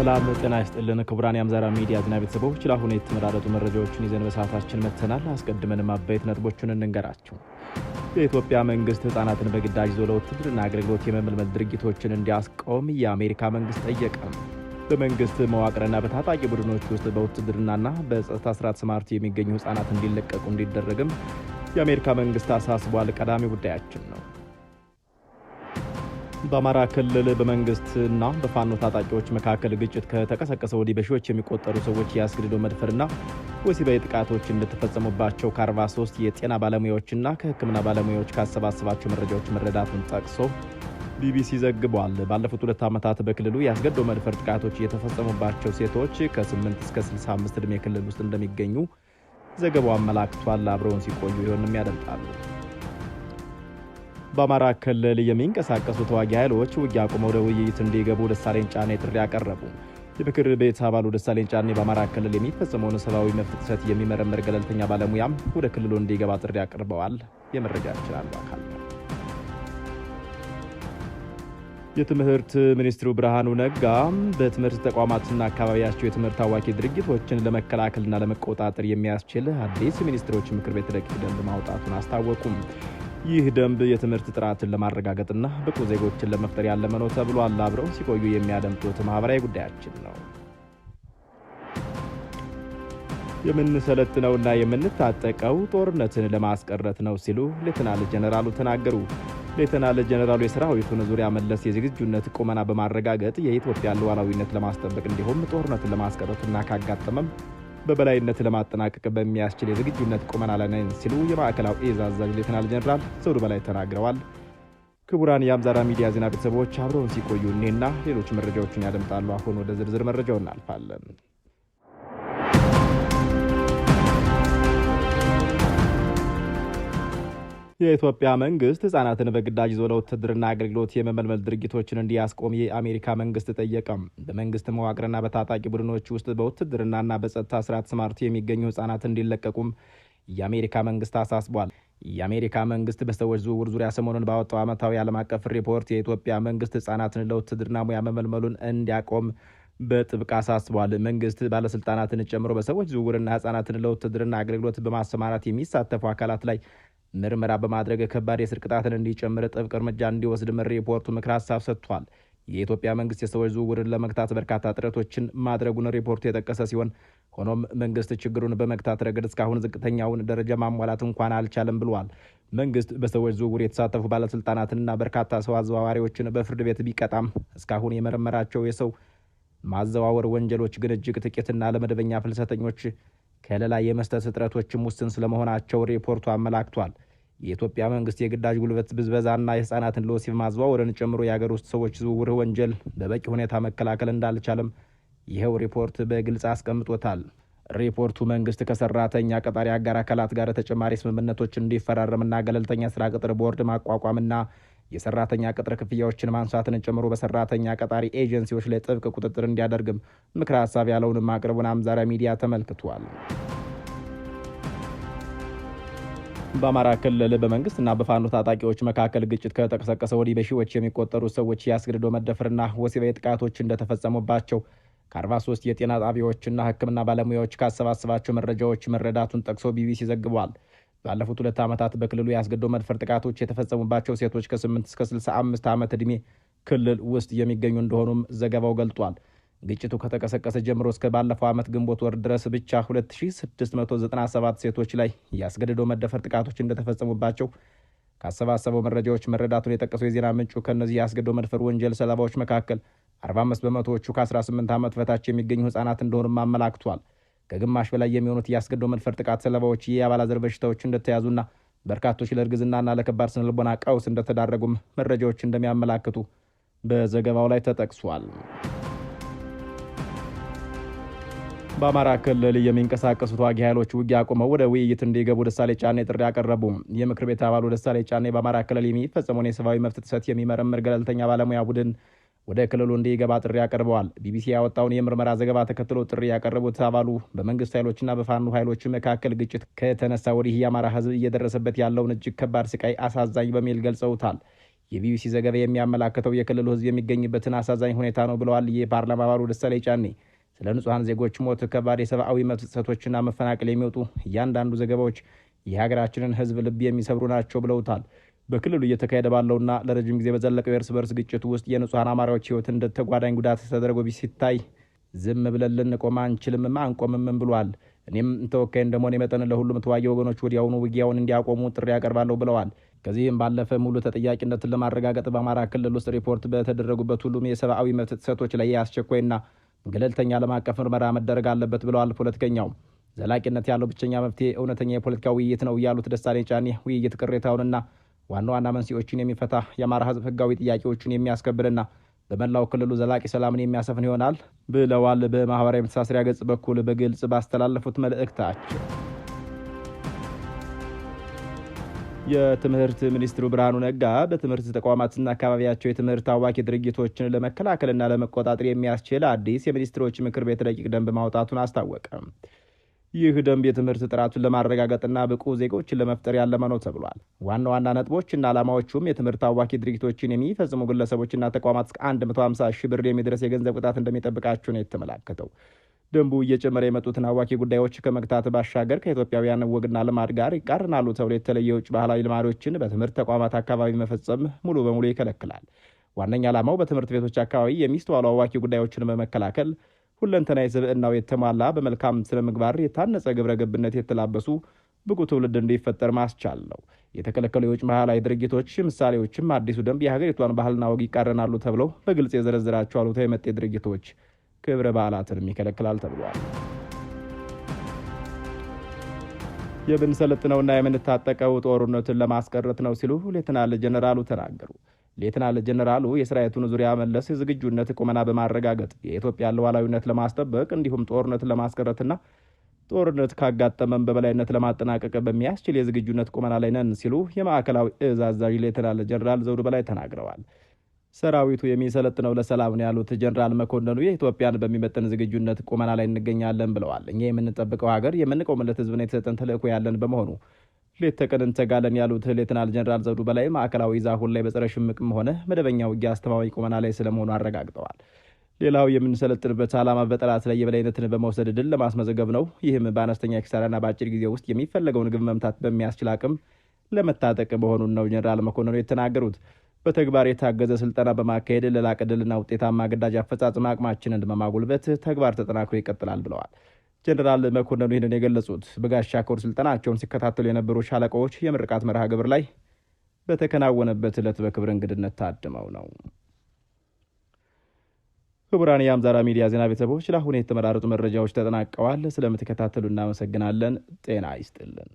ሰላም ጤና ይስጥልን ክቡራን የአምዛራ ሚዲያ ዜና ቤተሰቦች፣ ለአሁኑ የተመራረጡ መረጃዎችን ይዘን በሰዓታችን መጥተናል። አስቀድመን አበይት ነጥቦቹን እንንገራቸው። የኢትዮጵያ መንግስት ህጻናትን በግዳጅ ይዞ ለውትድርና አገልግሎት የመመልመል ድርጊቶችን እንዲያስቆም የአሜሪካ መንግስት ጠየቀ። በመንግስት መዋቅርና በታጣቂ ቡድኖች ውስጥ በውትድርናና በጸጥታ ስርዓት ስማርት የሚገኙ ህጻናት እንዲለቀቁ እንዲደረግም የአሜሪካ መንግስት አሳስቧል። ቀዳሚ ጉዳያችን ነው። በአማራ ክልል በመንግስትና በፋኖ ታጣቂዎች መካከል ግጭት ከተቀሰቀሰ ወዲህ በሺዎች የሚቆጠሩ ሰዎች የአስገድዶ መድፈርና ወሲባዊ ጥቃቶች እንደተፈጸሙባቸው ከ43 የጤና ባለሙያዎችና ከሕክምና ባለሙያዎች ካሰባሰባቸው መረጃዎች መረዳቱን ጠቅሶ ቢቢሲ ዘግቧል። ባለፉት ሁለት ዓመታት በክልሉ የአስገድዶ መድፈር ጥቃቶች እየተፈጸሙባቸው ሴቶች ከ8 እስከ 65 ዕድሜ ክልል ውስጥ እንደሚገኙ ዘገባው አመላክቷል። አብረውን ሲቆዩ ይሆንም ያደምጣሉ። በአማራ ክልል የሚንቀሳቀሱ ተዋጊ ኃይሎች ውጊያ አቁመው ወደ ውይይት እንዲገቡ ደሳለኝ ጫኔ ጥሪ አቀረቡ። የምክር ቤት አባሉ ደሳለኝ ጫኔ በአማራ ክልል የሚፈጸመውን ሰብአዊ መብት ጥሰት የሚመረምር ገለልተኛ ባለሙያም ወደ ክልሉ እንዲገባ ጥሪ አቅርበዋል። የመረጃችን አንዱ አካል ነው። የትምህርት ሚኒስትሩ ብርሃኑ ነጋ በትምህርት ተቋማትና አካባቢያቸው የትምህርት አዋኪ ድርጊቶችን ለመከላከልና ለመቆጣጠር የሚያስችል አዲስ የሚኒስትሮች ምክር ቤት ረቂቅ ደንብ ማውጣቱን አስታወቁም። ይህ ደንብ የትምህርት ጥራትን ለማረጋገጥና ብቁ ዜጎችን ለመፍጠር ያለመ ነው ተብሏል። አብረውን ሲቆዩ የሚያደምጡት ማህበራዊ ጉዳያችን ነው። የምንሰለጥነውና የምንታጠቀው ጦርነትን ለማስቀረት ነው ሲሉ ሌተናል ጀነራሉ ተናገሩ። ሌተናል ጀነራሉ የሰራዊቱን ዙሪያ መለስ የዝግጁነት ቁመና በማረጋገጥ የኢትዮጵያን ሉዓላዊነት ለማስጠበቅ እንዲሁም ጦርነትን ለማስቀረትና ካጋጠመም በበላይነት ለማጠናቀቅ በሚያስችል የዝግጁነት ቁመና ላይ ነን ሲሉ የማዕከላዊ እዝ አዛዥ ሌተናል ጀኔራል ዘውዱ በላይ ተናግረዋል። ክቡራን የአምዛራ ሚዲያ ዜና ቤተሰቦች አብረውን ሲቆዩ እኔና ሌሎች መረጃዎችን ያደምጣሉ። አሁን ወደ ዝርዝር መረጃው እናልፋለን። የኢትዮጵያ መንግስት ህጻናትን በግዳጅ ይዞ ለውትድርና አገልግሎት የመመልመል ድርጊቶችን እንዲያስቆም የአሜሪካ መንግስት ጠየቀም። በመንግስት መዋቅርና በታጣቂ ቡድኖች ውስጥ በውትድርናና በጸጥታ ስራ ተሰማርተው የሚገኙ ህጻናት እንዲለቀቁም የአሜሪካ መንግስት አሳስቧል። የአሜሪካ መንግስት በሰዎች ዝውውር ዙሪያ ሰሞኑን ባወጣው ዓመታዊ ዓለም አቀፍ ሪፖርት የኢትዮጵያ መንግስት ህጻናትን ለውትድርና ሙያ መመልመሉን እንዲያቆም በጥብቅ አሳስቧል። መንግስት ባለስልጣናትን ጨምሮ በሰዎች ዝውውርና ህጻናትን ለውትድርና አገልግሎት በማሰማራት የሚሳተፉ አካላት ላይ ምርመራ በማድረግ ከባድ የስር ቅጣትን እንዲጨምር ጥብቅ እርምጃ እንዲወስድም ሪፖርቱ ምክር ሀሳብ ሰጥቷል። የኢትዮጵያ መንግስት የሰዎች ዝውውርን ለመግታት በርካታ ጥረቶችን ማድረጉን ሪፖርቱ የጠቀሰ ሲሆን ሆኖም መንግስት ችግሩን በመግታት ረገድ እስካሁን ዝቅተኛውን ደረጃ ማሟላት እንኳን አልቻለም ብለዋል። መንግስት በሰዎች ዝውውር የተሳተፉ ባለስልጣናትንና በርካታ ሰው አዘዋዋሪዎችን በፍርድ ቤት ቢቀጣም እስካሁን የመረመራቸው የሰው ማዘዋወር ወንጀሎች ግን እጅግ ጥቂትና ለመደበኛ ፍልሰተኞች ከሌላ የመስጠት እጥረቶችም ውስን ስለመሆናቸው ሪፖርቱ አመላክቷል። የኢትዮጵያ መንግስት የግዳጅ ጉልበት ብዝበዛና የህፃናትን ለወሲብ ማዘዋወርን ጨምሮ የአገር ውስጥ ሰዎች ዝውውር ወንጀል በበቂ ሁኔታ መከላከል እንዳልቻለም ይኸው ሪፖርት በግልጽ አስቀምጦታል። ሪፖርቱ መንግስት ከሰራተኛ ቀጣሪ አጋር አካላት ጋር ተጨማሪ ስምምነቶችን እንዲፈራረምና ገለልተኛ ስራ ቅጥር ቦርድ ማቋቋምና የሰራተኛ ቅጥር ክፍያዎችን ማንሳትን ጨምሮ በሰራተኛ ቀጣሪ ኤጀንሲዎች ላይ ጥብቅ ቁጥጥር እንዲያደርግም ምክረ ሀሳብ ያለውን ማቅረቡን አምዛሪያ ሚዲያ ተመልክቷል። በአማራ ክልል በመንግስትና በፋኖ ታጣቂዎች መካከል ግጭት ከተቀሰቀሰ ወዲህ በሺዎች የሚቆጠሩ ሰዎች የአስገድዶ መደፈርና ወሲባዊ ጥቃቶች እንደተፈጸሙባቸው ከ43 የጤና ጣቢያዎችና ሕክምና ባለሙያዎች ካሰባሰባቸው መረጃዎች መረዳቱን ጠቅሶ ቢቢሲ ዘግቧል። ባለፉት ሁለት ዓመታት በክልሉ የአስገዶ መድፈር ጥቃቶች የተፈጸሙባቸው ሴቶች ከ8 እስከ 65 ዓመት ዕድሜ ክልል ውስጥ የሚገኙ እንደሆኑም ዘገባው ገልጧል። ግጭቱ ከተቀሰቀሰ ጀምሮ እስከ ባለፈው ዓመት ግንቦት ወር ድረስ ብቻ 2697 ሴቶች ላይ የአስገድዶ መደፈር ጥቃቶች እንደተፈጸሙባቸው ካሰባሰበው መረጃዎች መረዳቱን የጠቀሰው የዜና ምንጩ ከእነዚህ የአስገድዶ መድፈር ወንጀል ሰለባዎች መካከል 45 በመቶዎቹ ከ18 ዓመት በታች የሚገኙ ሕፃናት እንደሆኑም አመላክቷል። ከግማሽ በላይ የሚሆኑት እያስገዶ መድፈር ጥቃት ሰለባዎች የአባላዘር በሽታዎች እንደተያዙና በርካቶች ለእርግዝናና ለከባድ ስነልቦና ቀውስ እንደተዳረጉም መረጃዎች እንደሚያመላክቱ በዘገባው ላይ ተጠቅሷል። በአማራ ክልል የሚንቀሳቀሱ ተዋጊ ኃይሎች ውጊያ አቁመው ወደ ውይይት እንዲገቡ ደሳሌ ጫኔ ጥሪ አቀረቡ። የምክር ቤት አባሉ ደሳሌ ጫኔ በአማራ ክልል የሚፈጸመውን የሰብአዊ መብት ጥሰት የሚመረምር ገለልተኛ ባለሙያ ቡድን ወደ ክልሉ እንዲገባ ጥሪ አቅርበዋል። ቢቢሲ ያወጣውን የምርመራ ዘገባ ተከትሎ ጥሪ ያቀረቡት አባሉ በመንግስት ኃይሎችና በፋኖ ኃይሎች መካከል ግጭት ከተነሳ ወዲህ የአማራ ህዝብ እየደረሰበት ያለውን እጅግ ከባድ ስቃይ አሳዛኝ በሚል ገልጸውታል። የቢቢሲ ዘገባ የሚያመላክተው የክልሉ ህዝብ የሚገኝበትን አሳዛኝ ሁኔታ ነው ብለዋል። የፓርላማ አባሉ ደሳለኝ ጫኔ ስለ ንጹሐን ዜጎች ሞት፣ ከባድ የሰብአዊ መብት ጥሰቶችና መፈናቀል የሚወጡ እያንዳንዱ ዘገባዎች የሀገራችንን ህዝብ ልብ የሚሰብሩ ናቸው ብለውታል። በክልሉ እየተካሄደ ባለውና ለረጅም ጊዜ በዘለቀው የእርስ በርስ ግጭት ውስጥ የንጹሐን አማራዎች ህይወት እንደ ተጓዳኝ ጉዳት ተደርጎ ሲታይ ዝም ብለን ልንቆም አንችልምም አንቆምምም ብሏል። እኔም ተወካይ እንደመሆን የመጠን ለሁሉም ተዋጊ ወገኖች ወዲያውኑ ውጊያውን እንዲያቆሙ ጥሪ ያቀርባለሁ ብለዋል። ከዚህም ባለፈ ሙሉ ተጠያቂነትን ለማረጋገጥ በአማራ ክልል ውስጥ ሪፖርት በተደረጉበት ሁሉም የሰብአዊ መብት ጥሰቶች ላይ አስቸኳይና ገለልተኛ ዓለም አቀፍ ምርመራ መደረግ አለበት ብለዋል። ፖለቲከኛው ዘላቂነት ያለው ብቸኛ መፍትሄ እውነተኛ የፖለቲካ ውይይት ነው ያሉት ደሳለኝ ጫኔ ውይይት ቅሬታውንና ዋና ዋና መንስኤዎችን የሚፈታ የአማራ ህዝብ ህጋዊ ጥያቄዎችን የሚያስከብርና በመላው ክልሉ ዘላቂ ሰላምን የሚያሰፍን ይሆናል ብለዋል። በማህበራዊ መተሳሰሪያ ገጽ በኩል በግልጽ ባስተላለፉት መልእክታቸው የትምህርት ሚኒስትሩ ብርሃኑ ነጋ በትምህርት ተቋማትና አካባቢያቸው የትምህርት አዋኪ ድርጊቶችን ለመከላከልና ለመቆጣጠር የሚያስችል አዲስ የሚኒስትሮች ምክር ቤት ረቂቅ ደንብ ማውጣቱን አስታወቀ። ይህ ደንብ የትምህርት ጥራቱን ለማረጋገጥና ብቁ ዜጎችን ለመፍጠር ያለመ ነው ተብሏል። ዋና ዋና ነጥቦችና ዓላማዎቹም የትምህርት አዋኪ ድርጊቶችን የሚፈጽሙ ግለሰቦችና ተቋማት እስከ 150 ሺህ ብር የሚደርስ የገንዘብ ቅጣት እንደሚጠብቃቸው ነው የተመላከተው። ደንቡ እየጨመረ የመጡትን አዋኪ ጉዳዮች ከመግታት ባሻገር ከኢትዮጵያውያን ወግና ልማድ ጋር ይቃርናሉ ተብሎ የተለየ የውጭ ባህላዊ ልማዶችን በትምህርት ተቋማት አካባቢ መፈጸም ሙሉ በሙሉ ይከለክላል። ዋነኛ ዓላማው በትምህርት ቤቶች አካባቢ የሚስተዋሉ አዋኪ ጉዳዮችን በመከላከል ሁለንተና ስብዕናው የተሟላ በመልካም ስነ ምግባር የታነጸ ግብረ ገብነት የተላበሱ ብቁ ትውልድ እንዲፈጠር ማስቻል ነው። የተከለከሉ የውጭ ባህላዊ ድርጊቶች ምሳሌዎችም አዲሱ ደንብ የሀገሪቷን ባህልና ወግ ይቃረናሉ ተብለው በግልጽ የዘረዘራቸው አሉታ የመጤ ድርጊቶች ክብረ በዓላትንም ይከለክላል ተብሏል። የምንሰለጥነውና የምንታጠቀው ጦርነትን ለማስቀረት ነው ሲሉ ሌተናል ጀነራሉ ተናገሩ። ሌትናል ጀነራሉ የስራየቱን ዙሪያ መለስ ዝግጁነት ቁመና በማረጋገጥ የኢትዮጵያ ሉዓላዊነት ለማስጠበቅ እንዲሁም ጦርነት ለማስቀረትና ጦርነት ካጋጠመን በበላይነት ለማጠናቀቅ በሚያስችል የዝግጁነት ቁመና ላይ ነን ሲሉ የማዕከላዊ እዝ አዛዥ ሌተናል ጀነራል ዘውዱ በላይ ተናግረዋል። ሰራዊቱ የሚሰለጥነው ለሰላም ነው ያሉት ጀነራል መኮንኑ የኢትዮጵያን በሚመጥን ዝግጁነት ቁመና ላይ እንገኛለን ብለዋል። እኛ የምንጠብቀው ሀገር የምንቆምለት ሕዝብና የተሰጠን ተልእኮ ያለን በመሆኑ ሌት ተቀን እንተጋለን ያሉት ሌትናል ጀኔራል ዘውዱ በላይ ማዕከላዊ ዛሁን ላይ በጸረ ሽምቅም ሆነ መደበኛ ውጊያ አስተማማኝ ቁመና ላይ ስለመሆኑ አረጋግጠዋል። ሌላው የምንሰለጥንበት ዓላማ በጠላት ላይ የበላይነትን በመውሰድ ድል ለማስመዘገብ ነው። ይህም በአነስተኛ ኪሳራና በአጭር ጊዜ ውስጥ የሚፈለገውን ግብ መምታት በሚያስችል አቅም ለመታጠቅ መሆኑን ነው ጀኔራል መኮንኑ የተናገሩት። በተግባር የታገዘ ስልጠና በማካሄድ ለላቀ ድልና ውጤታማ ግዳጅ አፈጻጽም አቅማችንን በማጉልበት ተግባር ተጠናክሮ ይቀጥላል ብለዋል። ጀነራል መኮንኑ ይህንን የገለጹት በጋሻ ኮር ስልጠናቸውን ሲከታተሉ የነበሩ ሻለቃዎች የምርቃት መርሃ ግብር ላይ በተከናወነበት ዕለት በክብር እንግድነት ታድመው ነው። ክቡራን የአምዛራ ሚዲያ ዜና ቤተሰቦች ለአሁን የተመራረጡ መረጃዎች ተጠናቀዋል። ስለምትከታተሉ እናመሰግናለን። ጤና ይስጥልን።